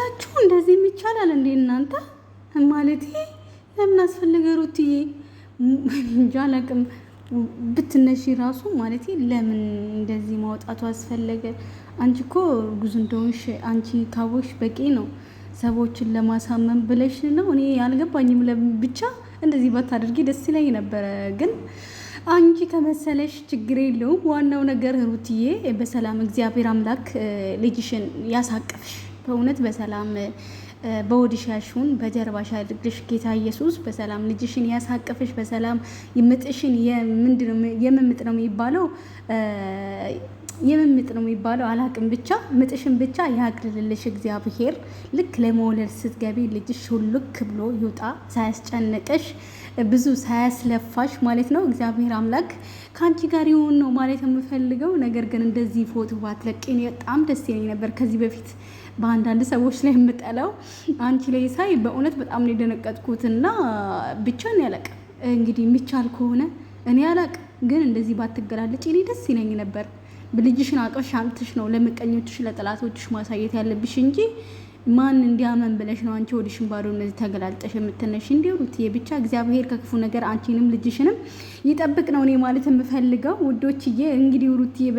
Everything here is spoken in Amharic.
ብላችሁ እንደዚህም ይቻላል እንዴ እናንተ? ማለቴ ለምን አስፈለገ ሩትዬ? እንጃ አላቅም። ብትነሺ ራሱ ለምን እንደዚህ ማውጣቱ አስፈለገ? አንቺ እኮ እርጉዝ እንደሆንሽ አንቺ ካቦሽ በቂ ነው። ሰዎችን ለማሳመን ብለሽ ነው። እኔ አልገባኝም። ብቻ እንደዚህ ባታደርጊ ደስ ይለኝ ነበረ ግን አንቺ ከመሰለሽ ችግር የለውም። ዋናው ነገር ሩትዬ በሰላም እግዚአብሔር አምላክ ልጅሽን ያሳቀፍሽ። በእውነት በሰላም በወድሻሹን በጀርባሽ አድርግሽ ጌታ ኢየሱስ በሰላም ልጅሽን ያሳቅፍሽ በሰላም ምጥሽን የምምጥ ነው የሚባለው የምምጥ ነው የሚባለው አላቅም። ብቻ ምጥሽን ብቻ ያግድልልሽ እግዚአብሔር። ልክ ለመውለድ ስትገቢ ልጅሽ ሁልክ ብሎ ይውጣ፣ ሳያስጨንቅሽ ብዙ ሳያስለፋሽ ማለት ነው። እግዚአብሔር አምላክ ከአንቺ ጋር ይሁን ነው ማለት የምፈልገው። ነገር ግን እንደዚህ ፎቶ ባትለቅ እኔ በጣም ደስ ይለኝ ነበር። ከዚህ በፊት በአንዳንድ ሰዎች ላይ የምጠለው አንቺ ላይ ሳይ በእውነት በጣም ነው የደነቀጥኩት። እና ብቻ ነው ያለቅ እንግዲህ የሚቻል ከሆነ እኔ ያላቅ ግን እንደዚህ ባትገላለጭ እኔ ደስ ይለኝ ነበር። ብልጅሽን አቅፈሽ አምጥተሽ ነው ለምቀኞችሽ ለጠላቶችሽ ማሳየት ያለብሽ እንጂ ማን እንዲያመን ብለሽ ነው አንቺ ወደ ሽንባሮ እነዚህ ተገላልጠሽ የምትነሽ? እንዲሁ ሩትዬ ብቻ እግዚአብሔር ከክፉ ነገር አንቺንም ልጅሽንም ይጠብቅ ነው እኔ ማለት የምፈልገው ውዶችዬ። እንግዲህ ሩትዬ